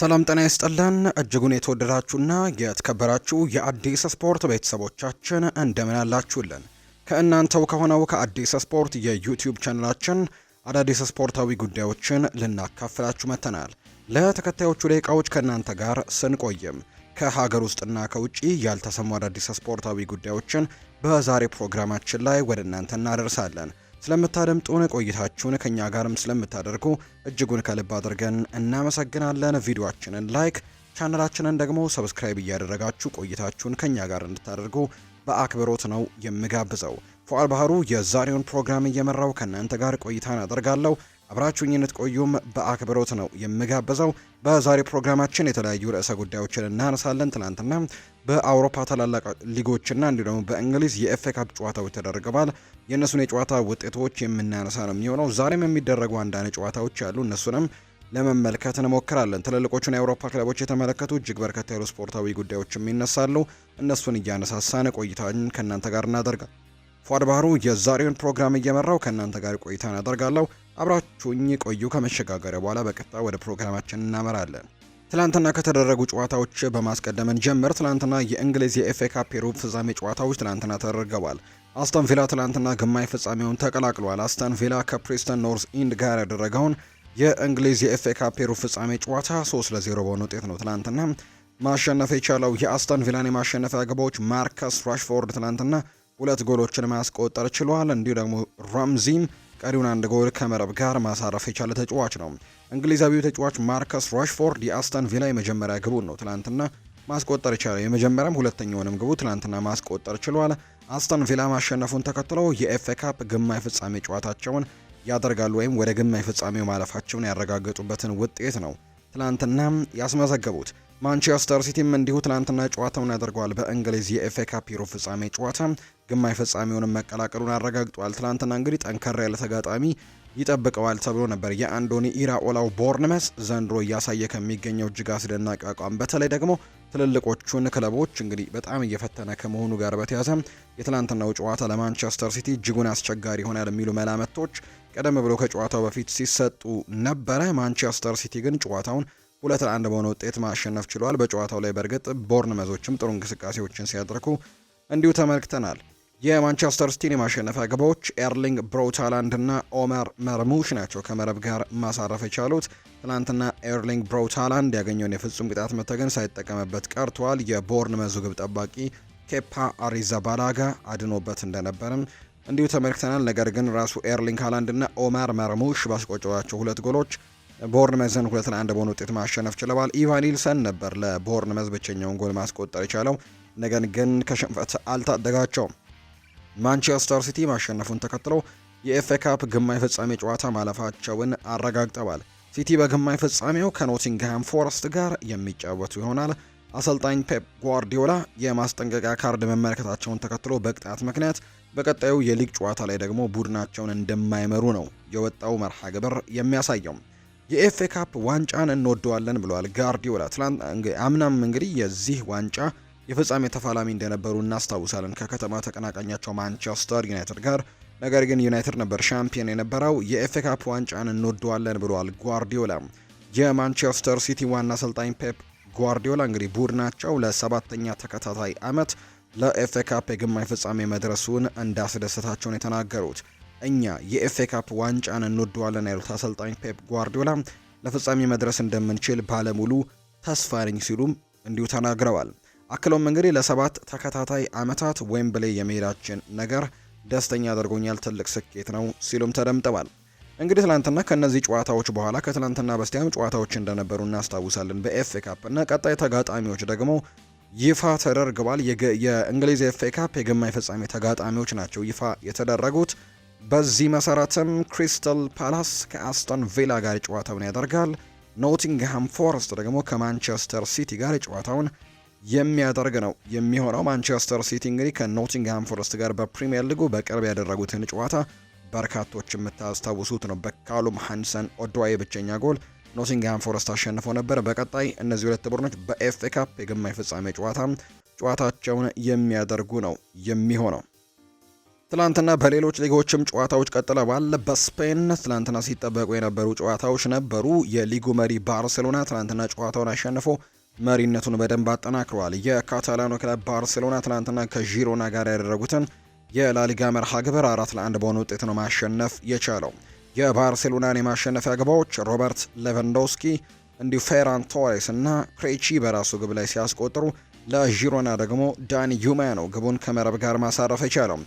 ሰላም ጤና ይስጥልን እጅጉን የተወደዳችሁና የተከበራችሁ የአዲስ ስፖርት ቤተሰቦቻችን እንደምን አላችሁልን? ከእናንተው ከሆነው ከአዲስ ስፖርት የዩቲዩብ ቻናላችን አዳዲስ ስፖርታዊ ጉዳዮችን ልናካፍላችሁ መጥተናል። ለተከታዮቹ ደቂቃዎች ከእናንተ ጋር ስንቆይም ከሀገር ውስጥና ከውጪ ያልተሰሙ አዳዲስ ስፖርታዊ ጉዳዮችን በዛሬ ፕሮግራማችን ላይ ወደ እናንተ እናደርሳለን። ስለምታደምጡን ቆይታችሁን ከኛ ጋርም ስለምታደርጉ እጅጉን ከልብ አድርገን እናመሰግናለን። ቪዲዮአችንን ላይክ፣ ቻነላችንን ደግሞ ሰብስክራይብ እያደረጋችሁ ቆይታችሁን ከኛ ጋር እንድታደርጉ በአክብሮት ነው የምጋብዘው። ፉአል ባህሩ የዛሬውን ፕሮግራም እየመራው ከእናንተ ጋር ቆይታን አደርጋለሁ። አብራችሁኝነት ቆዩም በአክብሮት ነው የምጋብዘው። በዛሬ ፕሮግራማችን የተለያዩ ርዕሰ ጉዳዮችን እናነሳለን። ትናንትና በአውሮፓ ታላላቅ ሊጎችና እንዲሁ ደግሞ በእንግሊዝ የኤፍኤ ካፕ ጨዋታዎች ተደርገዋል። የእነሱን የጨዋታ ውጤቶች የምናነሳ ነው የሚሆነው። ዛሬም የሚደረጉ አንዳንድ ጨዋታዎች አሉ። እነሱንም ለመመልከት እንሞክራለን። ትልልቆቹን የአውሮፓ ክለቦች የተመለከቱ እጅግ በርከት ያሉ ስፖርታዊ ጉዳዮችም ይነሳሉ። እነሱን እያነሳሳን ቆይታን ከእናንተ ጋር እናደርጋል ፏድ ባህሩ የዛሬውን ፕሮግራም እየመራው ከእናንተ ጋር ቆይታ አደርጋለሁ። አብራችሁኝ ቆዩ። ከመሸጋገሪያ በኋላ በቀጥታ ወደ ፕሮግራማችን እናመራለን። ትላንትና ከተደረጉ ጨዋታዎች በማስቀደምን ጀምር ትላንትና የእንግሊዝ የኤፍኤ ካፕ የሩብ ፍጻሜ ጨዋታዎች ትላንትና ተደርገዋል። አስተን ቪላ ትላንትና ግማሽ ፍጻሜውን ተቀላቅሏል። አስተን ቪላ ከፕሪስተን ኖርዝ ኢንድ ጋር ያደረገውን የእንግሊዝ የኤፍኤ ካፕ የሩብ ፍጻሜ ጨዋታ 3 ለ0 በሆነ ውጤት ነው ትላንትና ማሸነፍ የቻለው። የአስተን ቪላን የማሸነፊያ ግቦች ማርከስ ራሽፎርድ ትላንትና ሁለት ጎሎችን ማስቆጠር ችሏል። እንዲሁ ደግሞ ራምዚም ቀሪውን አንድ ጎል ከመረብ ጋር ማሳረፍ የቻለ ተጫዋች ነው። እንግሊዛዊው ተጫዋች ማርከስ ራሽፎርድ የአስተን ቪላ የመጀመሪያ ግቡን ነው ትላንትና ማስቆጠር ይቻለ የመጀመሪያም ሁለተኛውንም ግቡ ትላንትና ማስቆጠር ችሏል። አስተን ቪላ ማሸነፉን ተከትሎ የኤፍ ካፕ ግማይ ፍጻሜ ጨዋታቸውን ያደርጋሉ ወይም ወደ ግማይ ፍጻሜው ማለፋቸውን ያረጋገጡበትን ውጤት ነው ትላንትና ያስመዘገቡት። ማንቸስተር ሲቲም እንዲሁ ትላንትና ጨዋታውን ያደርገዋል። በእንግሊዝ የኤፍ ካፕ ሩብ ፍጻሜ ጨዋታ ግማሽ ፍጻሜውንም መቀላቀሉን አረጋግጧል። ትናንትና እንግዲህ ጠንከር ያለ ተጋጣሚ ይጠብቀዋል ተብሎ ነበር። የአንዶኒ ኢራኦላው ቦርንመስ ዘንድሮ እያሳየ ከሚገኘው እጅግ አስደናቂ አቋም በተለይ ደግሞ ትልልቆቹን ክለቦች እንግዲህ በጣም እየፈተነ ከመሆኑ ጋር በተያዘ የትላንትናው ጨዋታ ለማንቸስተር ሲቲ እጅጉን አስቸጋሪ ይሆናል የሚሉ መላመቶች ቀደም ብሎ ከጨዋታው በፊት ሲሰጡ ነበረ። ማንቸስተር ሲቲ ግን ጨዋታውን ሁለት ለአንድ በሆነ ውጤት ማሸነፍ ችሏል። በጨዋታው ላይ በእርግጥ ቦርንመዞችም ጥሩ እንቅስቃሴዎችን ሲያደርጉ እንዲሁ ተመልክተናል። የማንቸስተር ሲቲን የማሸነፊያ ግቦች ኤርሊንግ ብሮታላንድ እና ኦመር መርሙሽ ናቸው ከመረብ ጋር ማሳረፍ የቻሉት። ትናንትና ኤርሊንግ ብሮታላንድ ያገኘውን የፍጹም ቅጣት ምት ግን ሳይጠቀምበት ቀርቷል። የቦርን ግብ ጠባቂ ኬፓ አሪዛባላጋ አድኖበት እንደነበርም እንዲሁ ተመልክተናል። ነገር ግን ራሱ ኤርሊንግ ሃላንድ እና ኦመር መርሙሽ ባስቆጠሯቸው ሁለት ጎሎች መዝን ሁለት ለአንድ በሆነ ውጤት ማሸነፍ ችለዋል። ኢቫን ኒልሰን ነበር መዝ ብቸኛውን ጎል ማስቆጠር የቻለው፣ ነገር ግን ከሽንፈት አልታደጋቸውም። ማንቸስተር ሲቲ ማሸነፉን ተከትለው የኤፍኤ ካፕ ግማይ ፍጻሜ ጨዋታ ማለፋቸውን አረጋግጠዋል። ሲቲ በግማይ ፍጻሜው ከኖቲንግሃም ፎረስት ጋር የሚጫወቱ ይሆናል። አሰልጣኝ ፔፕ ጓርዲዮላ የማስጠንቀቂያ ካርድ መመለከታቸውን ተከትሎ በቅጣት ምክንያት በቀጣዩ የሊግ ጨዋታ ላይ ደግሞ ቡድናቸውን እንደማይመሩ ነው የወጣው መርሃ ግብር የሚያሳየው። የኤፍኤ ካፕ ዋንጫን እንወደዋለን ብለዋል ጋርዲዮላ። ትላንት አምናም እንግዲህ የዚህ ዋንጫ የፍጻሜ ተፋላሚ እንደነበሩ እናስታውሳለን ከከተማ ተቀናቃኛቸው ማንቸስተር ዩናይትድ ጋር። ነገር ግን ዩናይትድ ነበር ሻምፒዮን የነበረው። የኤፍኤ ካፕ ዋንጫን እንወደዋለን ብለዋል ጓርዲዮላ። የማንቸስተር ሲቲ ዋና አሰልጣኝ ፔፕ ጓርዲዮላ እንግዲህ ቡድናቸው ለሰባተኛ ተከታታይ ዓመት ለኤፍኤ ካፕ የግማሽ ፍጻሜ መድረሱን እንዳስደሰታቸውን የተናገሩት እኛ የኤፍኤ ካፕ ዋንጫን እንወደዋለን ያሉት አሰልጣኝ ፔፕ ጓርዲዮላ ለፍጻሜ መድረስ እንደምንችል ባለሙሉ ተስፋ ነኝ ሲሉም እንዲሁ ተናግረዋል። አክለውም እንግዲህ ለሰባት ተከታታይ ዓመታት ዌምብሌ የመሄዳችን ነገር ደስተኛ አድርጎኛል፣ ትልቅ ስኬት ነው ሲሉም ተደምጠዋል። እንግዲህ ትላንትና ከእነዚህ ጨዋታዎች በኋላ ከትላንትና በስቲያም ጨዋታዎች እንደነበሩ እናስታውሳለን በኤፍኤ ካፕ እና ቀጣይ ተጋጣሚዎች ደግሞ ይፋ ተደርገዋል። የእንግሊዝ ኤፍኤ ካፕ የግማሽ ፍጻሜ ተጋጣሚዎች ናቸው ይፋ የተደረጉት። በዚህ መሰረትም ክሪስታል ፓላስ ከአስቶን ቪላ ጋር ጨዋታውን ያደርጋል። ኖቲንግሃም ፎረስት ደግሞ ከማንቸስተር ሲቲ ጋር ጨዋታውን የሚያደርግ ነው የሚሆነው። ማንቸስተር ሲቲ እንግዲህ ከኖቲንግሃም ፎረስት ጋር በፕሪምየር ሊጉ በቅርብ ያደረጉትን ጨዋታ በርካቶች የምታስታውሱት ነው። በካሉም ሃንሰን ኦድዋይ ብቸኛ ጎል ኖቲንግሃም ፎረስት አሸንፎ ነበር። በቀጣይ እነዚህ ሁለት ቡድኖች በኤፍኤ ካፕ የግማሽ ፍጻሜ ጨዋታ ጨዋታቸውን የሚያደርጉ ነው የሚሆነው። ትላንትና በሌሎች ሊጎችም ጨዋታዎች ቀጥለዋል። በስፔን ትላንትና ሲጠበቁ የነበሩ ጨዋታዎች ነበሩ። የሊጉ መሪ ባርሴሎና ትላንትና ጨዋታውን አሸንፎ መሪነቱን በደንብ አጠናክሯል። የካታላኑ ክለብ ባርሴሎና ትናንትና ከዢሮና ጋር ያደረጉትን የላሊጋ መርሃ ግብር አራት ለአንድ በሆነ ውጤት ነው ማሸነፍ የቻለው። የባርሴሎናን የማሸነፊያ ግባዎች ሮበርት ሌቫንዶስኪ እንዲሁ ፌራን ቶሬስ እና ክሬቺ በራሱ ግብ ላይ ሲያስቆጥሩ ለዢሮና ደግሞ ዳኒ ዩማ ነው ግቡን ከመረብ ጋር ማሳረፍ የቻለው።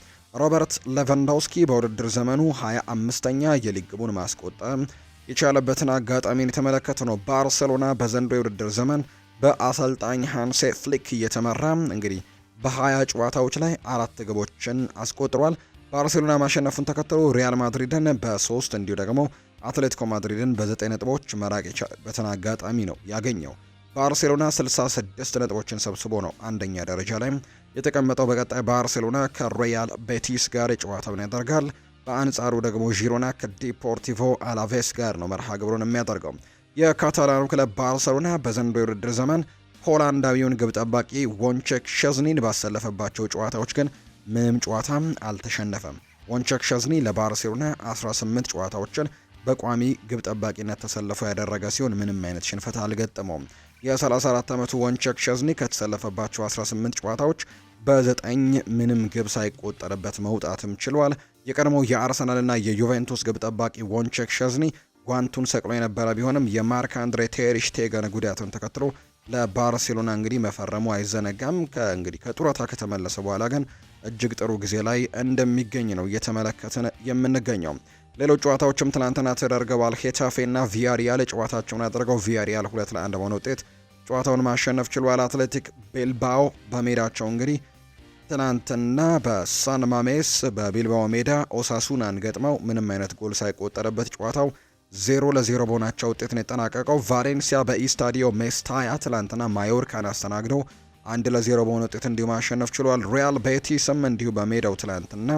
ሮበርት ሌቫንዶስኪ በውድድር ዘመኑ 25ኛ የሊግ ግቡን ማስቆጠር የቻለበትን አጋጣሚን የተመለከተ ነው። ባርሴሎና በዘንዶ የውድድር ዘመን በአሰልጣኝ ሃንሴ ፍሊክ እየተመራ እንግዲህ በሀያ ጨዋታዎች ላይ አራት ግቦችን አስቆጥሯል። ባርሴሎና ማሸነፉን ተከትሎ ሪያል ማድሪድን በሶስት እንዲሁ ደግሞ አትሌቲኮ ማድሪድን በዘጠኝ ነጥቦች መራቅ የቻለበትን አጋጣሚ ነው ያገኘው። ባርሴሎና 66 ነጥቦችን ሰብስቦ ነው አንደኛ ደረጃ ላይ የተቀመጠው። በቀጣይ ባርሴሎና ከሮያል ቤቲስ ጋር የጨዋታውን ያደርጋል። በአንጻሩ ደግሞ ዢሮና ከዲፖርቲቮ አላቬስ ጋር ነው መርሃ ግብሩን የሚያደርገው። የካታላኑ ክለብ ባርሰሎና በዘንዶ የውድድር ዘመን ሆላንዳዊውን ግብ ጠባቂ ወንቸክ ሸዝኒን ባሰለፈባቸው ጨዋታዎች ግን ምንም ጨዋታም አልተሸነፈም። ወንቸክ ሸዝኒ ለባርሴሎና 18 ጨዋታዎችን በቋሚ ግብ ጠባቂነት ተሰልፎ ያደረገ ሲሆን ምንም አይነት ሽንፈት አልገጠመውም። የ34 ዓመቱ ወንቸክ ሸዝኒ ከተሰለፈባቸው 18 ጨዋታዎች በዘጠኝ ምንም ግብ ሳይቆጠርበት መውጣትም ችሏል። የቀድሞው የአርሰናልና የዩቬንቱስ ግብ ጠባቂ ወንቸክ ሸዝኒ ጓንቱን ሰቅሎ የነበረ ቢሆንም የማርክ አንድሬ ቴሪሽ ቴገን ጉዳቱን ተከትሎ ለባርሴሎና እንግዲህ መፈረሙ አይዘነጋም። ከእንግዲህ ከጡረታ ከተመለሰ በኋላ ግን እጅግ ጥሩ ጊዜ ላይ እንደሚገኝ ነው እየተመለከትን የምንገኘው። ሌሎች ጨዋታዎችም ትናንትና ተደርገዋል። ሄታፌና ቪያሪያል ጨዋታቸውን አድርገው ቪያሪያል ሁለት ለአንድ በሆነ ውጤት ጨዋታውን ማሸነፍ ችሏል። አትሌቲክ ቤልባኦ በሜዳቸው እንግዲህ ትናንትና በሳን ማሜስ በቢልባኦ ሜዳ ኦሳሱናን ገጥመው ምንም አይነት ጎል ሳይቆጠረበት ጨዋታው ዜሮ ለዜሮ በሆናቸው ውጤት ነው የጠናቀቀው። ቫሌንሲያ በኢስታዲዮ ሜስታያ ትላንትና ማዮርካን አስተናግዶ አንድ ለዜሮ በሆነ ውጤት እንዲሁ ማሸነፍ ችሏል። ሪያል ቤቲስም እንዲሁ በሜዳው ትላንትና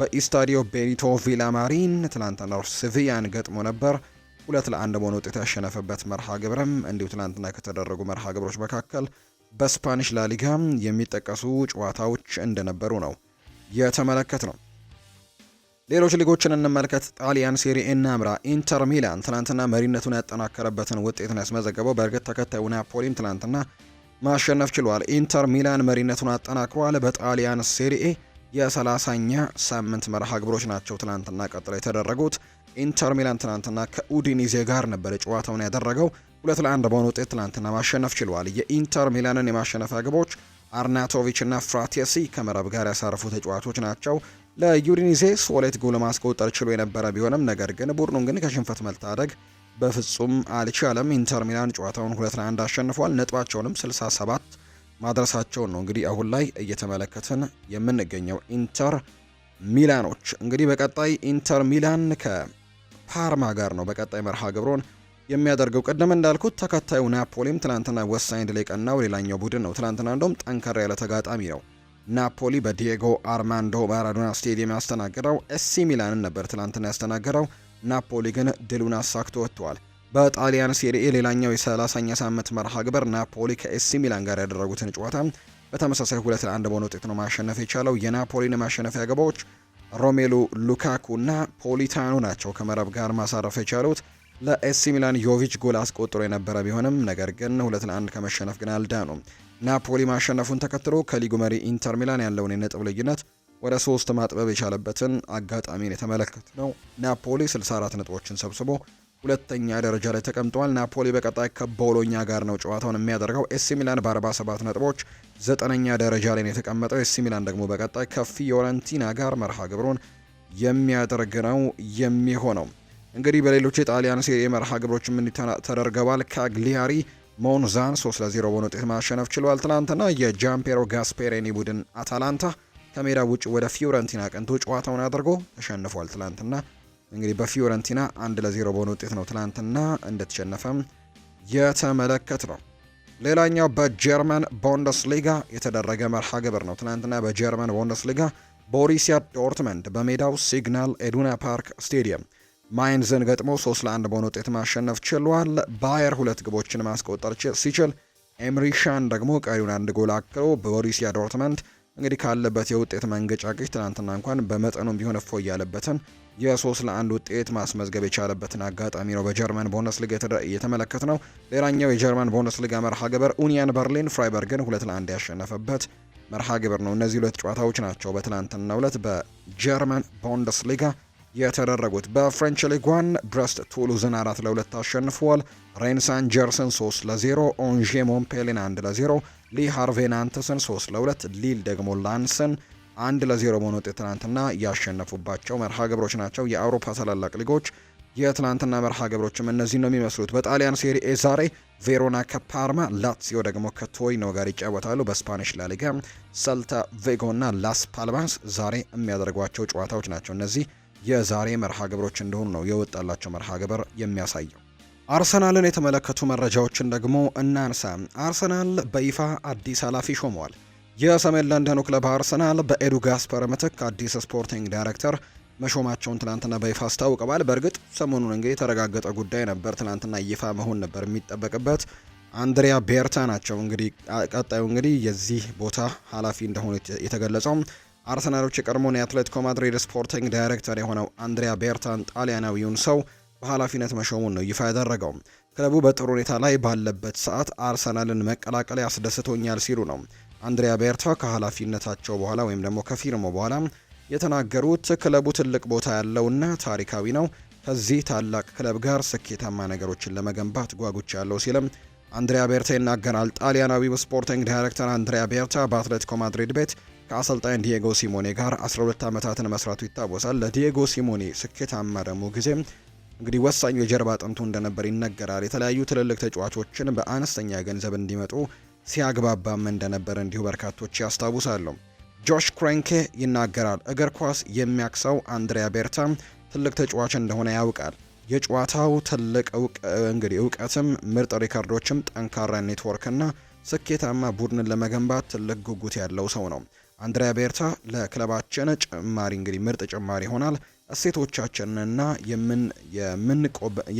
በኢስታዲዮ ቤኒቶ ቪላማሪን ትላንትና ሲቪያን ገጥሞ ነበር ሁለት ለአንድ በሆነ ውጤት ያሸነፈበት መርሃ ግብርም እንዲሁ ትናንትና ከተደረጉ መርሃ ግብሮች መካከል በስፓኒሽ ላሊጋ የሚጠቀሱ ጨዋታዎች እንደነበሩ ነው የተመለከት ነው። ሌሎች ሊጎችን እንመልከት። ጣሊያን ሴሪኤ እናምራ። ኢንተር ሚላን ትናንትና መሪነቱን ያጠናከረበትን ውጤት ነው ያስመዘገበው። በእርግጥ ተከታዩ ናፖሊም ትናንትና ማሸነፍ ችሏል። ኢንተር ሚላን መሪነቱን አጠናክሯል። በጣሊያን ሴሪኤ የ30ኛ ሳምንት መርሃ ግብሮች ናቸው ትናንትና ቀጥሎ የተደረጉት። ኢንተር ሚላን ትናንትና ከኡዲኒዜ ጋር ነበር ጨዋታውን ያደረገው። ሁለት ለአንድ በሆነ ውጤት ትናንትና ማሸነፍ ችሏል። የኢንተር ሚላንን የማሸነፊያ ግቦች አርናቶቪች እና ፍራቴሲ ከመረብ ጋር ያሳረፉ ተጫዋቾች ናቸው። ለዩዲኒዜ ሁለት ጎል ማስቆጠር ችሎ የነበረ ቢሆንም ነገር ግን ቡድኑን ግን ከሽንፈት መታደግ በፍጹም አልቻለም። ኢንተር ሚላን ጨዋታውን ሁለት ለአንድ አሸንፏል። ነጥባቸውንም 67 ማድረሳቸውን ነው እንግዲህ አሁን ላይ እየተመለከትን የምንገኘው ኢንተር ሚላኖች እንግዲህ በቀጣይ ኢንተር ሚላን ከፓርማ ጋር ነው በቀጣይ መርሃ ግብሮን የሚያደርገው ቅድም እንዳልኩት ተከታዩ ናፖሊም ትናንትና ወሳኝ ድል የቀናው ሌላኛው ቡድን ነው። ትናንትና እንደውም ጠንከራ ያለ ተጋጣሚ ነው ናፖሊ በዲየጎ አርማንዶ ማራዶና ስቴዲየም ያስተናገደው ኤሲ ሚላንን ነበር ትላንትና ያስተናገደው። ናፖሊ ግን ድሉን አሳክቶ ወጥቷል። በጣሊያን ሴሪኤ ሌላኛው የ30ኛ ሳምንት መርሃ ግብር ናፖሊ ከኤሲ ሚላን ጋር ያደረጉትን ጨዋታ በተመሳሳይ ሁለት ለአንድ በሆነ ውጤት ነው ማሸነፍ የቻለው። የናፖሊን ማሸነፊያ ግቦች ሮሜሉ ሉካኩ እና ፖሊታኑ ናቸው ከመረብ ጋር ማሳረፍ የቻሉት። ለኤሲ ሚላን ዮቪች ጎል አስቆጥሮ የነበረ ቢሆንም ነገር ግን ሁለት ለአንድ ከመሸነፍ ግን አልዳኑም። ናፖሊ ማሸነፉን ተከትሎ ከሊጉ መሪ ኢንተር ሚላን ያለውን የነጥብ ልዩነት ወደ ሶስት ማጥበብ የቻለበትን አጋጣሚን የተመለከት ነው። ናፖሊ 64 ነጥቦችን ሰብስቦ ሁለተኛ ደረጃ ላይ ተቀምጠዋል። ናፖሊ በቀጣይ ከቦሎኛ ጋር ነው ጨዋታውን የሚያደርገው። ኤሲ ሚላን በ47 ነጥቦች ዘጠነኛ ደረጃ ላይ ነው የተቀመጠው። ኤሲ ሚላን ደግሞ በቀጣይ ከፊዮረንቲና ጋር መርሃ ግብሩን የሚያደርግ ነው የሚሆነው። እንግዲህ በሌሎች የጣሊያን ሴሪ መርሃ ግብሮችም ተደርገዋል። ካግሊያሪ ሞንዛን 3 ለ0 በሆነ ውጤት ማሸነፍ ችሏል። ትናንትና የጃምፔሮ ጋስፔሬኒ ቡድን አታላንታ ከሜዳ ውጭ ወደ ፊዮረንቲና ቀንቶ ጨዋታውን አድርጎ ተሸንፏል። ትናንትና እንግዲህ በፊዮረንቲና አንድ ለ0 በሆነ ውጤት ነው ትናንትና እንደተሸነፈም የተመለከት ነው። ሌላኛው በጀርመን ሊጋ የተደረገ መርሃ ግብር ነው። ትናንትና በጀርመን ቡንደስሊጋ ቦሪሲያ ዶርትመንድ በሜዳው ሲግናል ኤዱና ፓርክ ስቴዲየም ማይንዝን ገጥሞ ሶስት 1 በሆነ ውጤት ማሸነፍ ችሏል። ባየር ሁለት ግቦችን ማስቆጠር ሲችል ኤምሪሻን ደግሞ ቀሪውን አንድ ጎል አክሎ በቦሩሲያ ዶርትመንድ እንግዲህ ካለበት የውጤት መንገጫገጭ ትናንትና እንኳን በመጠኑም ቢሆን እፎ እያለበትን የሶስት ለአንድ ውጤት ማስመዝገብ የቻለበትን አጋጣሚ ነው በጀርመን ቡንደስሊጋ እየተመለከት ነው። ሌላኛው የጀርመን ሊግ መርሃ ግብር ኡኒያን በርሊን ፍራይበርግን ሁለት ለአንድ ያሸነፈበት መርሃ ግብር ነው። እነዚህ ሁለት ጨዋታዎች ናቸው በትናንትና ሁለት በጀርመን ሊጋ የተደረጉት። በፍሬንች ሊጓን ብረስት ቱሉዝን አራት ለሁለት አሸንፈዋል። ሬንሳን ጀርሰን 3 ለ0፣ ኦንዤ ሞምፔሊን 1 ለ0፣ ሊ ሃርቬናንትስን 3 ለ2፣ ሊል ደግሞ ላንስን አንድ ለዜሮ በሆነ ውጤት ትናንትና ያሸነፉባቸው መርሃ ግብሮች ናቸው። የአውሮፓ ታላላቅ ሊጎች የትናንትና መርሃ ግብሮችም እነዚህ ነው የሚመስሉት። በጣሊያን ሴሪኤ ዛሬ ቬሮና ከፓርማ፣ ላትሲዮ ደግሞ ከቶሪኖ ጋር ይጫወታሉ። በስፓኒሽ ላሊጋ ሰልታ ቬጎና ላስ ፓልማስ ዛሬ የሚያደርጓቸው ጨዋታዎች ናቸው እነዚህ የዛሬ መርሃ ግብሮች እንደሆኑ ነው የወጣላቸው መርሃ ግብር የሚያሳየው። አርሰናልን የተመለከቱ መረጃዎችን ደግሞ እናንሳ። አርሰናል በይፋ አዲስ ኃላፊ ሾመዋል። የሰሜን ለንደኑ ክለብ አርሰናል በኤዱ ጋስፐር ምትክ አዲስ ስፖርቲንግ ዳይሬክተር መሾማቸውን ትናንትና በይፋ አስታውቀዋል። በእርግጥ ሰሞኑን እንግዲህ የተረጋገጠ ጉዳይ ነበር፣ ትናንትና ይፋ መሆን ነበር የሚጠበቅበት። አንድሪያ ቤርታ ናቸው እንግዲህ ቀጣዩ እንግዲህ የዚህ ቦታ ኃላፊ እንደሆኑ የተገለጸው። አርሰናሎች የቀድሞውን የአትሌቲኮ ማድሪድ ስፖርቲንግ ዳይሬክተር የሆነው አንድሪያ ቤርታን ጣሊያናዊውን ሰው በኃላፊነት መሾሙን ነው ይፋ ያደረገው። ክለቡ በጥሩ ሁኔታ ላይ ባለበት ሰዓት አርሰናልን መቀላቀል ያስደስቶኛል ሲሉ ነው አንድሪያ ቤርታ ከኃላፊነታቸው በኋላ ወይም ደግሞ ከፊርሞ በኋላ የተናገሩት። ክለቡ ትልቅ ቦታ ያለውና ታሪካዊ ነው። ከዚህ ታላቅ ክለብ ጋር ስኬታማ ነገሮችን ለመገንባት ጓጉች ያለው ሲልም አንድሪያ ቤርታ ይናገራል። ጣሊያናዊው ስፖርቲንግ ዳይሬክተር አንድሪያ ቤርታ በአትሌቲኮ ማድሪድ ቤት ከአሰልጣኝ ዲየጎ ሲሞኔ ጋር 12 ዓመታትን መስራቱ ይታወሳል። ለዲየጎ ሲሞኔ ስኬታማ ደግሞ ጊዜ እንግዲህ ወሳኙ የጀርባ አጥንቱ እንደነበር ይነገራል። የተለያዩ ትልልቅ ተጫዋቾችን በአነስተኛ ገንዘብ እንዲመጡ ሲያግባባም እንደነበር እንዲሁ በርካቶች ያስታውሳሉ። ጆሽ ክሬንኬ ይናገራል። እግር ኳስ የሚያክሰው አንድሪያ ቤርታ ትልቅ ተጫዋች እንደሆነ ያውቃል። የጨዋታው ትልቅ እንግዲህ እውቀትም ምርጥ ሪከርዶችም ጠንካራ ኔትወርክና ስኬታማ ቡድንን ለመገንባት ትልቅ ጉጉት ያለው ሰው ነው። አንድሪያ ቤርታ ለክለባችን ጭማሪ እንግዲህ ምርጥ ጭማሪ ይሆናል። እሴቶቻችንንና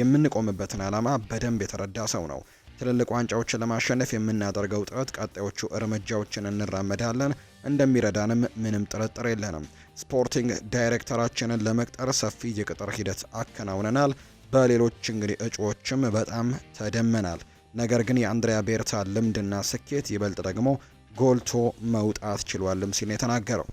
የምንቆምበትን ዓላማ በደንብ የተረዳ ሰው ነው። ትልልቅ ዋንጫዎችን ለማሸነፍ የምናደርገው ጥረት ቀጣዮቹ እርምጃዎችን እንራመዳለን እንደሚረዳንም ምንም ጥርጥር የለንም። ስፖርቲንግ ዳይሬክተራችንን ለመቅጠር ሰፊ የቅጥር ሂደት አከናውነናል። በሌሎች እንግዲህ እጩዎችም በጣም ተደመናል። ነገር ግን የአንድሪያ ቤርታ ልምድና ስኬት ይበልጥ ደግሞ ጎልቶ መውጣት ችሏልም ሲል የተናገረው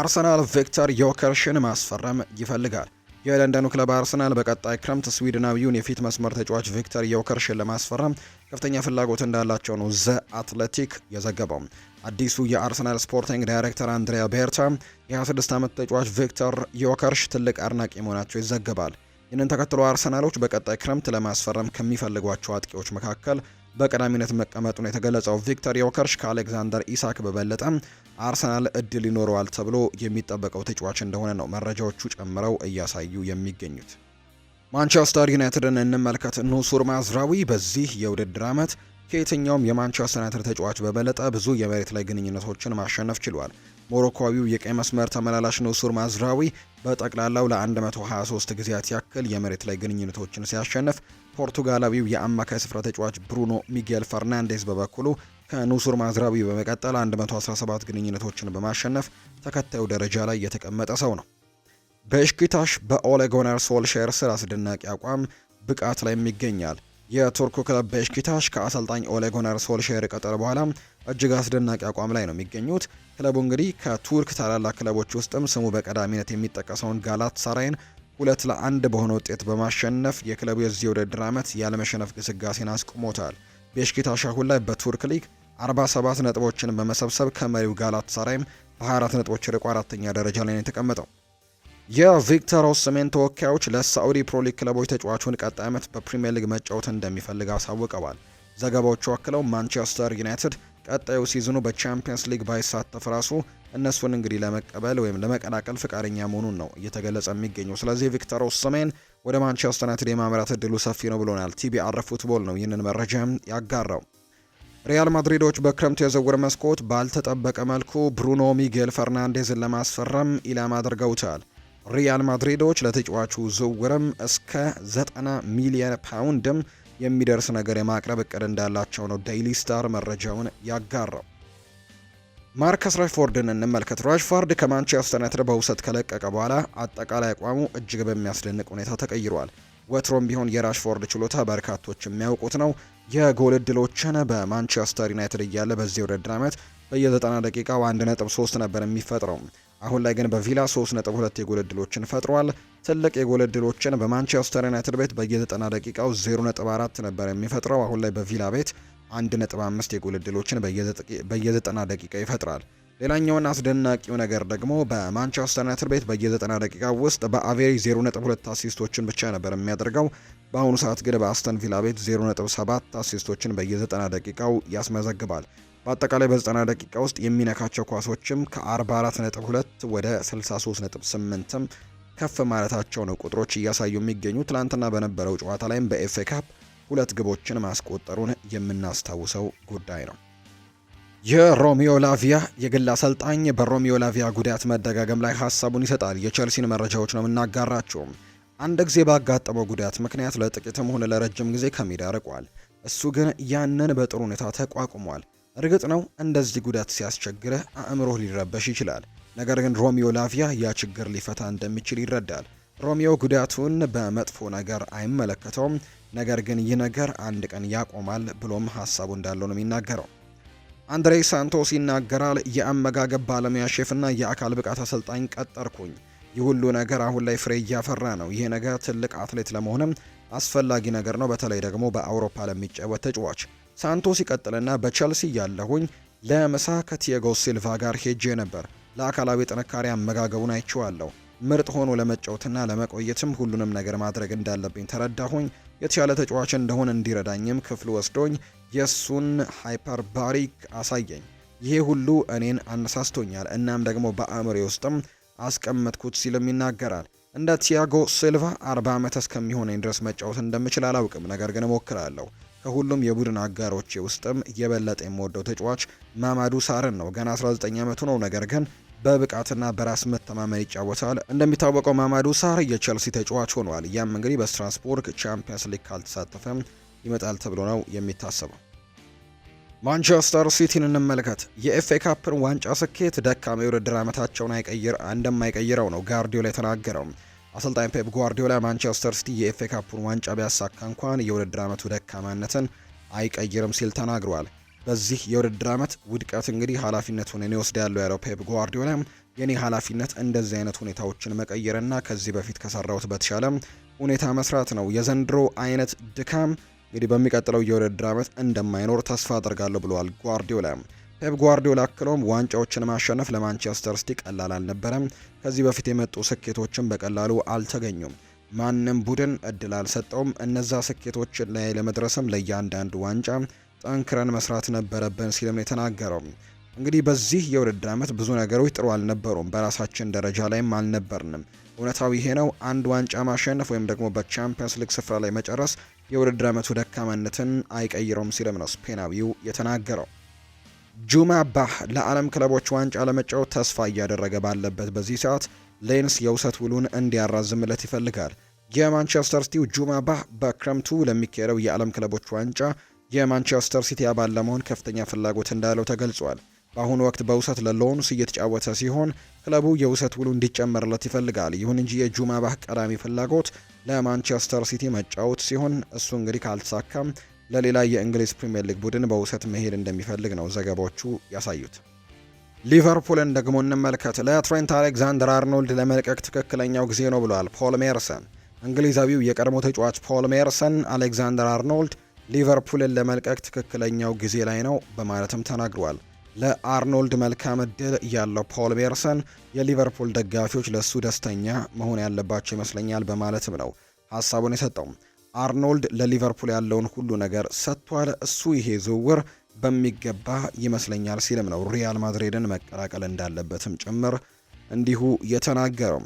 አርሰናል ቪክተር ዮከርሽን ማስፈረም ይፈልጋል። የለንደኑ ክለብ አርሰናል በቀጣይ ክረምት ስዊድናዊውን የፊት መስመር ተጫዋች ቪክተር ዮከርሽን ለማስፈረም ከፍተኛ ፍላጎት እንዳላቸው ነው ዘ አትሌቲክ የዘገበው። አዲሱ የአርሰናል ስፖርቲንግ ዳይሬክተር አንድሪያ ቤርታ የ26 ዓመት ተጫዋች ቪክተር ዮከርሽ ትልቅ አድናቂ መሆናቸው ይዘገባል። ይህንን ተከትሎ አርሰናሎች በቀጣይ ክረምት ለማስፈረም ከሚፈልጓቸው አጥቂዎች መካከል በቀዳሚነት መቀመጡ ነው የተገለጸው። ቪክተር ዮከርሽ ከአሌክዛንደር ኢሳክ በበለጠ አርሰናል እድል ይኖረዋል ተብሎ የሚጠበቀው ተጫዋች እንደሆነ ነው መረጃዎቹ ጨምረው እያሳዩ የሚገኙት። ማንቸስተር ዩናይትድን እንመልከት። ኑሱር ማዝራዊ በዚህ የውድድር ዓመት ከየትኛውም የማንቸስተር ዩናይትድ ተጫዋች በበለጠ ብዙ የመሬት ላይ ግንኙነቶችን ማሸነፍ ችሏል። ሞሮኮዊው የቀይ መስመር ተመላላሽ ንሱር ማዝራዊ በጠቅላላው ለ123 ጊዜያት ያክል የመሬት ላይ ግንኙነቶችን ሲያሸንፍ፣ ፖርቱጋላዊው የአማካይ ስፍራ ተጫዋች ብሩኖ ሚጌል ፈርናንዴዝ በበኩሉ ከኑሱር ማዝራዊ በመቀጠል 117 ግንኙነቶችን በማሸነፍ ተከታዩ ደረጃ ላይ የተቀመጠ ሰው ነው። በሽኪታሽ በኦሌጎነር ሶልሼር ስር አስደናቂ አቋም ብቃት ላይም ይገኛል። የቱርኩ ክለብ ቤሽኪታሽ ከአሰልጣኝ ኦሌጎናር ሶልሼር ቀጠር በኋላ እጅግ አስደናቂ አቋም ላይ ነው የሚገኙት። ክለቡ እንግዲህ ከቱርክ ታላላቅ ክለቦች ውስጥም ስሙ በቀዳሚነት የሚጠቀሰውን ጋላት ሳራይን ሁለት ለአንድ በሆነ ውጤት በማሸነፍ የክለቡ የዚህ ውድድር ዓመት ያለመሸነፍ ግስጋሴን አስቁሞታል። ቤሽኪታሽ አሁን ላይ በቱርክ ሊግ 47 ነጥቦችን በመሰብሰብ ከመሪው ጋላት ሳራይም በ24 ነጥቦች ርቆ አራተኛ ደረጃ ላይ ነው የተቀመጠው። የቪክተር ኦስሜን ተወካዮች ለሳዑዲ ፕሮሊግ ክለቦች ተጫዋቹን ቀጣይ ዓመት በፕሪምየር ሊግ መጫወት እንደሚፈልግ አሳውቀዋል። ዘገባዎቹ አክለው ማንቸስተር ዩናይትድ ቀጣዩ ሲዝኑ በቻምፒየንስ ሊግ ባይሳተፍ ራሱ እነሱን እንግዲህ ለመቀበል ወይም ለመቀላቀል ፍቃደኛ መሆኑን ነው እየተገለጸ የሚገኘው። ስለዚህ ቪክተር ኦስሜን ወደ ማንቸስተር ዩናይትድ የማምራት እድሉ ሰፊ ነው ብሎናል። ቲቢአር ፉትቦል ነው ይህንን መረጃ ያጋራው። ሪያል ማድሪዶች በክረምቱ የዝውውር መስኮት ባልተጠበቀ መልኩ ብሩኖ ሚጌል ፈርናንዴዝን ለማስፈረም ኢላማ አድርገውታል። ሪያል ማድሪዶች ለተጫዋቹ ዝውውርም እስከ 90 ሚሊየን ፓውንድም የሚደርስ ነገር የማቅረብ እቅድ እንዳላቸው ነው ዴይሊ ስታር መረጃውን ያጋራው። ማርከስ ራሽፎርድን እንመልከት። ራሽፎርድ ከማንቸስተር ዩናይትድ በውሰት ከለቀቀ በኋላ አጠቃላይ አቋሙ እጅግ በሚያስደንቅ ሁኔታ ተቀይሯል። ወትሮም ቢሆን የራሽፎርድ ችሎታ በርካቶች የሚያውቁት ነው። የጎል እድሎችን በማንቸስተር ዩናይትድ እያለ በዚህ ውድድር ዓመት በየ90 ደቂቃው 1.3 ነበር የሚፈጥረው። አሁን ላይ ግን በቪላ 3.2 የጎል ዕድሎችን ፈጥሯል። ትልቅ የጎል ዕድሎችን በማንቸስተር ዩናይትድ ቤት በየ90 ደቂቃው 0.4 ነበር የሚፈጥረው። አሁን ላይ በቪላ ቤት 1.5 የጎል ዕድሎችን በየ90 ደቂቃ ይፈጥራል። ሌላኛውን አስደናቂው ነገር ደግሞ በማንቸስተር ዩናይትድ ቤት በየ90 ደቂቃ ውስጥ በአቬሪ 0.2 አሲስቶችን ብቻ ነበር የሚያደርገው። በአሁኑ ሰዓት ግን በአስተን ቪላ ቤት 0.7 አሲስቶችን በየ90 ደቂቃው ያስመዘግባል። በአጠቃላይ በ90 ደቂቃ ውስጥ የሚነካቸው ኳሶችም ከ44.2 ወደ 63.8ም ከፍ ማለታቸው ነው ቁጥሮች እያሳዩ የሚገኙ። ትላንትና በነበረው ጨዋታ ላይም በኤፍኤ ካፕ ሁለት ግቦችን ማስቆጠሩን የምናስታውሰው ጉዳይ ነው። የሮሚዮ ላቪያ የግል አሰልጣኝ በሮሚዮ ላቪያ ጉዳት መደጋገም ላይ ሀሳቡን ይሰጣል። የቸልሲን መረጃዎች ነው የምናጋራቸው። አንድ ጊዜ ባጋጠመው ጉዳት ምክንያት ለጥቂትም ሆነ ለረጅም ጊዜ ከሜዳ ርቋል። እሱ ግን ያንን በጥሩ ሁኔታ ተቋቁሟል። እርግጥ ነው እንደዚህ ጉዳት ሲያስቸግርህ አእምሮህ ሊረበሽ ይችላል። ነገር ግን ሮሚዮ ላቪያ ያ ችግር ሊፈታ እንደሚችል ይረዳል። ሮሚዮ ጉዳቱን በመጥፎ ነገር አይመለከተውም። ነገር ግን ይህ ነገር አንድ ቀን ያቆማል ብሎም ሀሳቡ እንዳለው ነው የሚናገረው። አንድሬ ሳንቶስ ይናገራል። የአመጋገብ ባለሙያ ሼፍና የአካል ብቃት አሰልጣኝ ቀጠርኩኝ። ይህ ሁሉ ነገር አሁን ላይ ፍሬ እያፈራ ነው። ይህ ነገር ትልቅ አትሌት ለመሆንም አስፈላጊ ነገር ነው፣ በተለይ ደግሞ በአውሮፓ ለሚጫወት ተጫዋች ሳንቶስ ይቀጥልና በቸልሲ ያለሁኝ ለምሳ ከቲያጎ ሲልቫ ጋር ሄጄ ነበር። ለአካላዊ ጥንካሬ አመጋገቡን አይቼዋለሁ። ምርጥ ሆኖ ለመጫወትና ለመቆየትም ሁሉንም ነገር ማድረግ እንዳለብኝ ተረዳሁኝ። የተሻለ ተጫዋች እንደሆን እንዲረዳኝም ክፍል ወስዶኝ የእሱን ሃይፐርባሪክ አሳየኝ። ይሄ ሁሉ እኔን አነሳስቶኛል። እናም ደግሞ በአእምሬ ውስጥም አስቀመጥኩት ሲልም ይናገራል። እንደ ቲያጎ ሲልቫ 40 ዓመት እስከሚሆነኝ ድረስ መጫወት እንደምችል አላውቅም፣ ነገር ግን እሞክራለሁ ከሁሉም የቡድን አጋሮች ውስጥም የበለጠ የምወደው ተጫዋች ማማዱ ሳርን ነው። ገና 19 ዓመቱ ነው፣ ነገር ግን በብቃትና በራስ መተማመን ይጫወታል። እንደሚታወቀው ማማዱ ሳር የቸልሲ ተጫዋች ሆኗል። ያም እንግዲህ በስትራስቡርግ ቻምፒየንስ ሊግ ካልተሳተፈም ይመጣል ተብሎ ነው የሚታሰበው። ማንቸስተር ሲቲን እንመልከት። የኤፍኤ ካፕን ዋንጫ ስኬት ደካማ የውድድር ዓመታቸውን እንደማይቀይረው ነው ጋርዲዮላ የተናገረው። አሰልጣኝ ፔፕ ጓርዲዮላ ማንቸስተር ሲቲ የኤፍኤ ካፑን ዋንጫ ቢያሳካ እንኳን የውድድር ዓመቱ ደካማነትን አይቀይርም ሲል ተናግሯል። በዚህ የውድድር ዓመት ውድቀት እንግዲህ ኃላፊነቱን እኔ ወስዳለሁ ያለው ፔፕ ጓርዲዮላ የኔ ኃላፊነት እንደዚህ አይነት ሁኔታዎችን መቀየርና ከዚህ በፊት ከሰራሁት በተሻለ ሁኔታ መስራት ነው። የዘንድሮ አይነት ድካም እንግዲህ በሚቀጥለው የውድድር ዓመት እንደማይኖር ተስፋ አደርጋለሁ ብለዋል ጓርዲዮላ። ፔፕ ጓርዲዮላ አክሎም ዋንጫዎችን ማሸነፍ ለማንቸስተር ሲቲ ቀላል አልነበረም። ከዚህ በፊት የመጡ ስኬቶችን በቀላሉ አልተገኙም። ማንም ቡድን እድል አልሰጠውም። እነዛ ስኬቶችን ላይ ለመድረስም ለእያንዳንዱ ዋንጫ ጠንክረን መስራት ነበረብን ሲልም ነው የተናገረው። እንግዲህ በዚህ የውድድር ዓመት ብዙ ነገሮች ጥሩ አልነበሩም። በራሳችን ደረጃ ላይም አልነበርንም። እውነታው ይሄ ነው። አንድ ዋንጫ ማሸነፍ ወይም ደግሞ በቻምፒየንስ ሊግ ስፍራ ላይ መጨረስ የውድድር ዓመቱ ደካማነትን አይቀይረውም ሲልም ነው ስፔናዊው የተናገረው። ጁማ ባህ ለዓለም ክለቦች ዋንጫ ለመጫወት ተስፋ እያደረገ ባለበት በዚህ ሰዓት ሌንስ የውሰት ውሉን እንዲያራዝምለት ይፈልጋል። የማንቸስተር ሲቲው ጁማ ባህ በክረምቱ ለሚካሄደው የዓለም ክለቦች ዋንጫ የማንቸስተር ሲቲ አባል ለመሆን ከፍተኛ ፍላጎት እንዳለው ተገልጿል። በአሁኑ ወቅት በውሰት ለሎንስ እየተጫወተ ሲሆን ክለቡ የውሰት ውሉ እንዲጨመርለት ይፈልጋል። ይሁን እንጂ የጁማ ባህ ቀዳሚ ፍላጎት ለማንቸስተር ሲቲ መጫወት ሲሆን እሱ እንግዲህ ካልተሳካም ለሌላ የእንግሊዝ ፕሪምየር ሊግ ቡድን በውሰት መሄድ እንደሚፈልግ ነው ዘገባዎቹ ያሳዩት። ሊቨርፑልን ደግሞ እንመልከት። ለትሬንት አሌክዛንደር አርኖልድ ለመልቀቅ ትክክለኛው ጊዜ ነው ብለዋል ፖል ሜርሰን። እንግሊዛዊው የቀድሞ ተጫዋች ፖል ሜርሰን አሌክዛንደር አርኖልድ ሊቨርፑልን ለመልቀቅ ትክክለኛው ጊዜ ላይ ነው በማለትም ተናግሯል። ለአርኖልድ መልካም እድል ያለው ፖል ሜርሰን የሊቨርፑል ደጋፊዎች ለእሱ ደስተኛ መሆን ያለባቸው ይመስለኛል በማለትም ነው ሀሳቡን የሰጠው። አርኖልድ ለሊቨርፑል ያለውን ሁሉ ነገር ሰጥቷል። እሱ ይሄ ዝውውር በሚገባ ይመስለኛል ሲልም ነው ሪያል ማድሪድን መቀላቀል እንዳለበትም ጭምር እንዲሁ የተናገረው።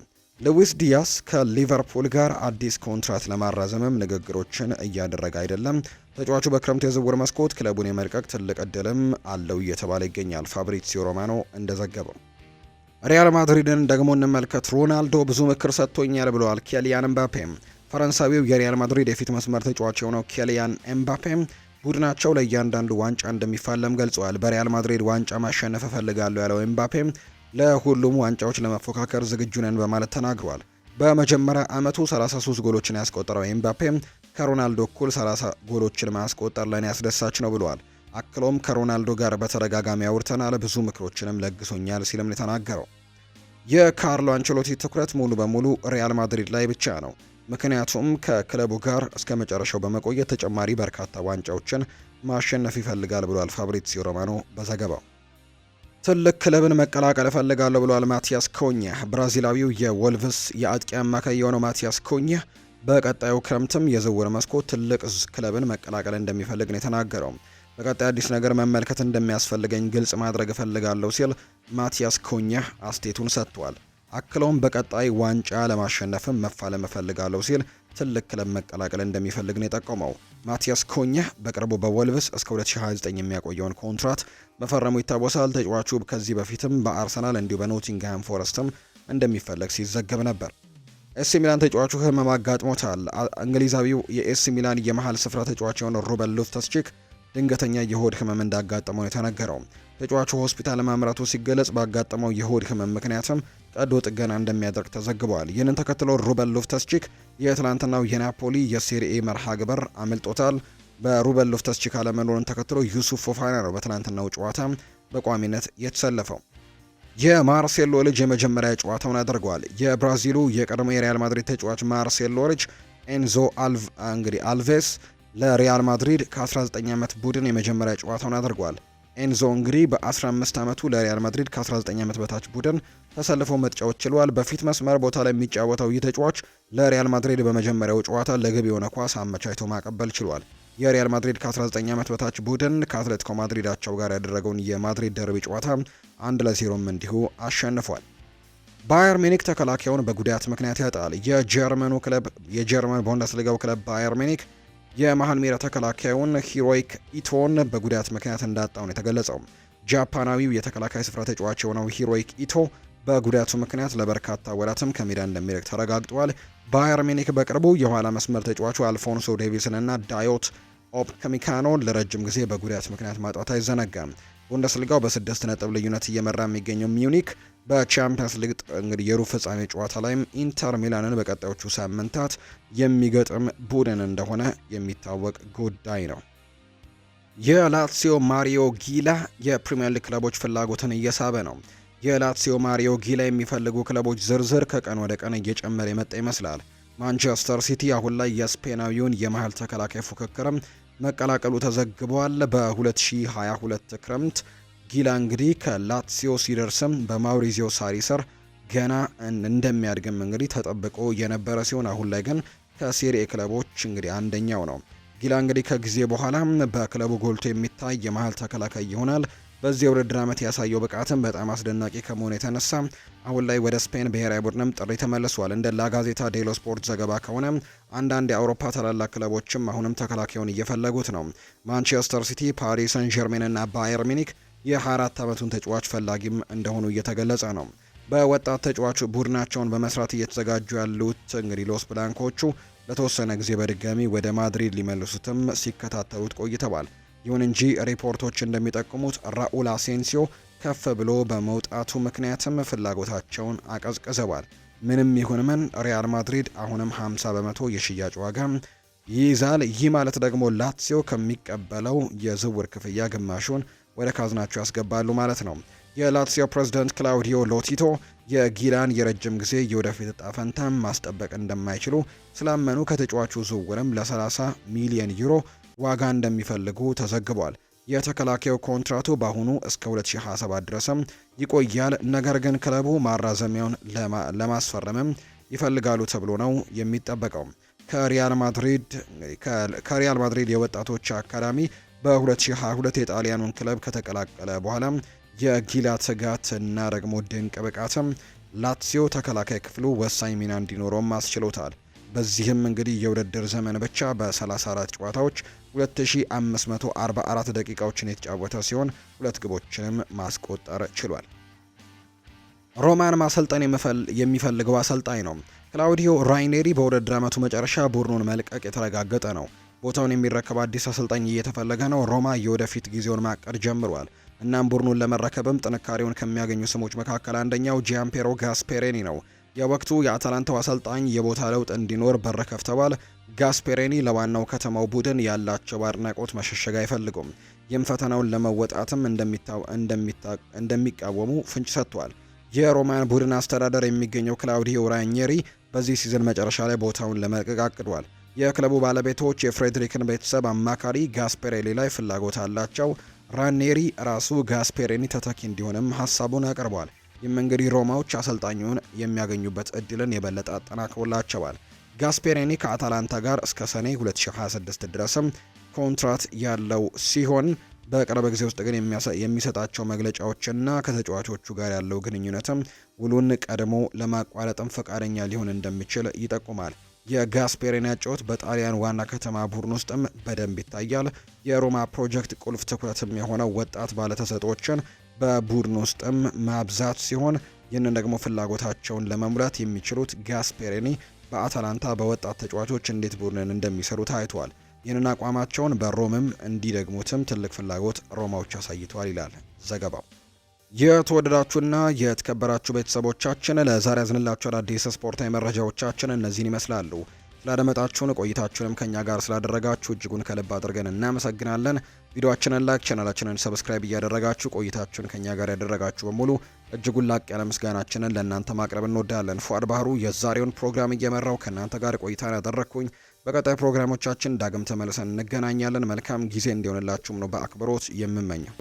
ሉዊስ ዲያስ ከሊቨርፑል ጋር አዲስ ኮንትራት ለማራዘምም ንግግሮችን እያደረገ አይደለም። ተጫዋቹ በክረምት የዝውውር መስኮት ክለቡን የመልቀቅ ትልቅ እድልም አለው እየተባለ ይገኛል። ፋብሪሲዮ ሮማኖ እንደዘገበው ሪያል ማድሪድን ደግሞ እንመልከት። ሮናልዶ ብዙ ምክር ሰጥቶኛል ብለዋል ኬሊያን ምባፔም ፈረንሳዊው የሪያል ማድሪድ የፊት መስመር ተጫዋች የሆነው ኬሊያን ኤምባፔም ቡድናቸው ለእያንዳንዱ ዋንጫ እንደሚፋለም ገልጸዋል። በሪያል ማድሪድ ዋንጫ ማሸነፍ እፈልጋለሁ ያለው ኤምባፔም ለሁሉም ዋንጫዎች ለመፎካከር ዝግጁ ነን በማለት ተናግሯል። በመጀመሪያ ዓመቱ 33 ጎሎችን ያስቆጠረው ኤምባፔ ከሮናልዶ እኩል 30 ጎሎችን ማስቆጠር ለእኔ ያስደሳች ነው ብለዋል። አክሎም ከሮናልዶ ጋር በተደጋጋሚ አውርተናል፣ ብዙ ምክሮችንም ለግሶኛል ሲልም የተናገረው የካርሎ አንቸሎቲ ትኩረት ሙሉ በሙሉ ሪያል ማድሪድ ላይ ብቻ ነው። ምክንያቱም ከክለቡ ጋር እስከ መጨረሻው በመቆየት ተጨማሪ በርካታ ዋንጫዎችን ማሸነፍ ይፈልጋል ብሏል ፋብሪዚዮ ሮማኖ በዘገባው። ትልቅ ክለብን መቀላቀል እፈልጋለሁ ብሏል ማቲያስ ኮኛ። ብራዚላዊው የወልቭስ የአጥቂ አማካይ የሆነው ማቲያስ ኮኛ በቀጣዩ ክረምትም የዝውውር መስኮት ትልቅ ክለብን መቀላቀል እንደሚፈልግ ነው የተናገረው። በቀጣይ አዲስ ነገር መመልከት እንደሚያስፈልገኝ ግልጽ ማድረግ እፈልጋለሁ ሲል ማቲያስ ኮኛ አስቴቱን ሰጥቷል። አክለውም በቀጣይ ዋንጫ ለማሸነፍም መፋለም እፈልጋለሁ ሲል ትልቅ ክለብ መቀላቀል እንደሚፈልግ ነው የጠቆመው። ማቲያስ ኮኘህ በቅርቡ በወልቭስ እስከ 2029 የሚያቆየውን ኮንትራት መፈረሙ ይታወሳል። ተጫዋቹ ከዚህ በፊትም በአርሰናል እንዲሁ በኖቲንግሃም ፎረስትም እንደሚፈለግ ሲዘገብ ነበር። ኤሲ ሚላን ተጫዋቹ ህመም አጋጥሞታል። እንግሊዛዊው የኤሲ ሚላን የመሃል ስፍራ ተጫዋች የሆነ ሩበን ሉፍተስቺክ ድንገተኛ የሆድ ህመም እንዳጋጠመው የተነገረው ተጫዋቹ ሆስፒታል ማምራቱ ሲገለጽ ባጋጠመው የሆድ ህመም ምክንያትም ቀዶ ጥገና እንደሚያደርግ ተዘግበዋል። ይህንን ተከትሎ ሩበን ሉፍተስቺክ የትላንትናው የናፖሊ የሴሪኤ መርሃ ግበር አመልጦታል። በሩበን ሉፍተስቺክ አለመኖርን ተከትሎ ዩሱፍ ፎፋና ነው በትላንትናው ጨዋታ በቋሚነት የተሰለፈው። የማርሴሎ ልጅ የመጀመሪያ ጨዋታውን አድርጓል። የብራዚሉ የቀድሞ የሪያል ማድሪድ ተጫዋች ማርሴሎ ልጅ ኤንዞ እንግዲህ አልቬስ ለሪያል ማድሪድ ከ19 ዓመት ቡድን የመጀመሪያ ጨዋታውን አድርጓል። ኤንዞ እንግዲህ በ15 ዓመቱ ለሪያል ማድሪድ ከ19 ዓመት በታች ቡድን ተሰልፎ መጫወት ችሏል። በፊት መስመር ቦታ ላይ የሚጫወተው ይህ ተጫዋች ለሪያል ማድሪድ በመጀመሪያው ጨዋታ ለግብ የሆነ ኳስ አመቻችቶ ማቀበል ችሏል። የሪያል ማድሪድ ከ19 ዓመት በታች ቡድን ከአትሌቲኮ ማድሪድ አቻው ጋር ያደረገውን የማድሪድ ደርቢ ጨዋታ አንድ ለዜሮም እንዲሁ አሸንፏል። ባየር ሚኒክ ተከላካዩን በጉዳት ምክንያት ያጣል። የጀርመኑ ክለብ የጀርመን ቡንደስሊጋው ክለብ ባየር ሚኒክ የመሀል ሜዳ ተከላካዩን ሂሮይክ ኢቶን በጉዳት ምክንያት እንዳጣውን የተገለጸው። ጃፓናዊው የተከላካይ ስፍራ ተጫዋች የሆነው ሂሮይክ ኢቶ በጉዳቱ ምክንያት ለበርካታ ወራትም ከሜዳ እንደሚርቅ ተረጋግጧል። ባየር ሚኒክ በቅርቡ የኋላ መስመር ተጫዋቹ አልፎንሶ ዴቪስንና ዳዮት ኦፕ ከሚካኖን ለረጅም ጊዜ በጉዳት ምክንያት ማጣት አይዘነጋም። ቡንደስሊጋው በስድስት ነጥብ ልዩነት እየመራ የሚገኘው ሚዩኒክ በቻምፒየንስ ሊግ እንግዲህ የሩብ ፍጻሜ ጨዋታ ላይም ኢንተር ሚላንን በቀጣዮቹ ሳምንታት የሚገጥም ቡድን እንደሆነ የሚታወቅ ጉዳይ ነው። የላትሲዮ ማሪዮ ጊላ የፕሪምየር ሊግ ክለቦች ፍላጎትን እየሳበ ነው። የላትሲዮ ማሪዮ ጊላ የሚፈልጉ ክለቦች ዝርዝር ከቀን ወደ ቀን እየጨመረ የመጣ ይመስላል። ማንቸስተር ሲቲ አሁን ላይ የስፔናዊውን የመሀል ተከላካይ ፉክክርም መቀላቀሉ ተዘግቧል። በ2022 ክረምት ጊላ እንግዲህ ከላትሲዮ ሲደርስም በማውሪዚዮ ሳሪ ስር ገና እንደሚያድግም እንግዲህ ተጠብቆ የነበረ ሲሆን አሁን ላይ ግን ከሴሪኤ ክለቦች እንግዲህ አንደኛው ነው። ጊላ እንግዲህ ከጊዜ በኋላ በክለቡ ጎልቶ የሚታይ የመሀል ተከላካይ ይሆናል። በዚህ የውድድር ዓመት ያሳየው ብቃትም በጣም አስደናቂ ከመሆኑ የተነሳ አሁን ላይ ወደ ስፔን ብሔራዊ ቡድንም ጥሪ ተመልሷል። እንደ ላጋዜታ ዴሎ ስፖርት ዘገባ ከሆነ አንዳንድ የአውሮፓ ታላላቅ ክለቦችም አሁንም ተከላካዩን እየፈለጉት ነው። ማንቸስተር ሲቲ፣ ፓሪስ ሰን ጀርሜን እና ባየር ሚኒክ የ24 ዓመቱን ተጫዋች ፈላጊም እንደሆኑ እየተገለጸ ነው። በወጣት ተጫዋቹ ቡድናቸውን በመስራት እየተዘጋጁ ያሉት እንግዲህ ሎስ ብላንኮቹ ለተወሰነ ጊዜ በድጋሚ ወደ ማድሪድ ሊመልሱትም ሲከታተሉት ቆይተዋል። ይሁን እንጂ ሪፖርቶች እንደሚጠቁሙት ራኡል አሴንሲዮ ከፍ ብሎ በመውጣቱ ምክንያትም ፍላጎታቸውን አቀዝቅዘዋል። ምንም ይሁን ምን ሪያል ማድሪድ አሁንም 50 በመቶ የሽያጭ ዋጋ ይይዛል። ይህ ማለት ደግሞ ላትሲዮ ከሚቀበለው የዝውውር ክፍያ ግማሹን ወደ ካዝናቸው ያስገባሉ ማለት ነው። የላትሲዮ ፕሬዝዳንት ክላውዲዮ ሎቲቶ የጊላን የረጅም ጊዜ የወደፊት እጣ ፈንታም ማስጠበቅ እንደማይችሉ ስላመኑ ከተጫዋቹ ዝውውርም ለ30 ሚሊዮን ዩሮ ዋጋ እንደሚፈልጉ ተዘግቧል። የተከላካዩ ኮንትራቱ በአሁኑ እስከ 2027 ድረስም ይቆያል። ነገር ግን ክለቡ ማራዘሚያውን ለማስፈረምም ይፈልጋሉ ተብሎ ነው የሚጠበቀው። ከሪያል ማድሪድ የወጣቶች አካዳሚ በ2022 የጣሊያኑን ክለብ ከተቀላቀለ በኋላ የጊላ ትጋት እና ደግሞ ድንቅ ብቃትም ላትሲዮ ተከላካይ ክፍሉ ወሳኝ ሚና እንዲኖረውም አስችሎታል። በዚህም እንግዲህ የውድድር ዘመን ብቻ በ34 ጨዋታዎች 2544 ደቂቃዎችን የተጫወተ ሲሆን ሁለት ግቦችንም ማስቆጠር ችሏል። ሮማን ማሰልጠን የሚፈልገው አሰልጣኝ ነው። ክላውዲዮ ራይኔሪ በውድድር ዓመቱ መጨረሻ ቡድኑን መልቀቅ የተረጋገጠ ነው። ቦታውን የሚረከብ አዲስ አሰልጣኝ እየተፈለገ ነው። ሮማ የወደፊት ጊዜውን ማቀድ ጀምሯል። እናም ቡድኑን ለመረከብም ጥንካሬውን ከሚያገኙ ስሞች መካከል አንደኛው ጂያምፔሮ ጋስፔሬኒ ነው። የወቅቱ የአታላንታው አሰልጣኝ የቦታ ለውጥ እንዲኖር በር ከፍተዋል። ጋስፔሬኒ ለዋናው ከተማው ቡድን ያላቸው አድናቆት መሸሸግ አይፈልጉም። ይህም ፈተናውን ለመወጣትም እንደሚቃወሙ ፍንጭ ሰጥቷል። የሮማን ቡድን አስተዳደር የሚገኘው ክላውዲዮ ራኘሪ በዚህ ሲዝን መጨረሻ ላይ ቦታውን ለመልቀቅ አቅዷል። የክለቡ ባለቤቶች የፍሬድሪክን ቤተሰብ አማካሪ ጋስፔሬሊ ላይ ፍላጎት አላቸው። ራኔሪ ራሱ ጋስፔሬኒ ተተኪ እንዲሆንም ሀሳቡን አቅርቧል። ይህም እንግዲህ ሮማዎች አሰልጣኙን የሚያገኙበት እድልን የበለጠ አጠናክሮላቸዋል። ጋስፔሬኒ ከአታላንታ ጋር እስከ ሰኔ 2026 ድረስም ኮንትራት ያለው ሲሆን በቅርብ ጊዜ ውስጥ ግን የሚሰጣቸው መግለጫዎችና ከተጫዋቾቹ ጋር ያለው ግንኙነትም ውሉን ቀድሞ ለማቋረጥም ፈቃደኛ ሊሆን እንደሚችል ይጠቁማል። የጋስፔሪና ጨዋታ በጣሊያን ዋና ከተማ ቡድን ውስጥም በደንብ ይታያል። የሮማ ፕሮጀክት ቁልፍ ትኩረትም የሆነው ወጣት ባለተሰጦችን በቡድን ውስጥም ማብዛት ሲሆን ይህንን ደግሞ ፍላጎታቸውን ለመሙላት የሚችሉት ጋስፔሬኒ በአታላንታ በወጣት ተጫዋቾች እንዴት ቡድንን እንደሚሰሩ ታይቷል። ይህንን አቋማቸውን በሮምም እንዲደግሙትም ትልቅ ፍላጎት ሮማዎች አሳይተዋል ይላል ዘገባው። የተወደዳችሁና የተከበራችሁ ቤተሰቦቻችን ለዛሬ ያዝንላችሁ አዳዲስ ስፖርታዊ መረጃዎቻችን እነዚህን ይመስላሉ። ስላደመጣችሁን ቆይታችሁንም ከእኛ ጋር ስላደረጋችሁ እጅጉን ከልብ አድርገን እናመሰግናለን። ቪዲዮችንን ላይክ፣ ቻናላችንን ሰብስክራይብ እያደረጋችሁ ቆይታችሁን ከእኛ ጋር ያደረጋችሁ በሙሉ እጅጉን ላቅ ያለ ምስጋናችንን ለእናንተ ማቅረብ እንወዳለን። ፏድ ባህሩ የዛሬውን ፕሮግራም እየመራው ከእናንተ ጋር ቆይታን ያደረግኩኝ። በቀጣይ ፕሮግራሞቻችን ዳግም ተመልሰን እንገናኛለን። መልካም ጊዜ እንዲሆንላችሁም ነው በአክብሮት የምመኘው።